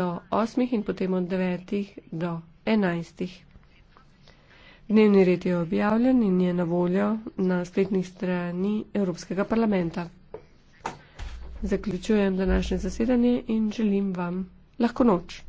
do osmih in potem od devetih do enajstih. Dnevni red je objavljen in je na voljo na spletnih strani Evropskega parlamenta. Zaključujem današnje zasedanje in želim vam lahko noč.